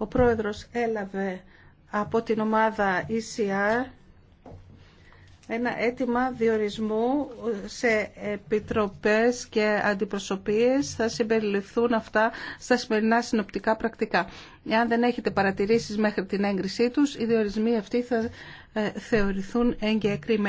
Ο πρόεδρος έλαβε από την ομάδα ECR ένα αίτημα διορισμού σε επιτροπές και αντιπροσωπείες θα συμπεριληφθούν αυτά στα σημερινά συνοπτικά πρακτικά. Εάν δεν έχετε παρατηρήσεις μέχρι την έγκρισή τους, οι διορισμοί αυτοί θα ε, θεωρηθούν εγκεκριμένοι.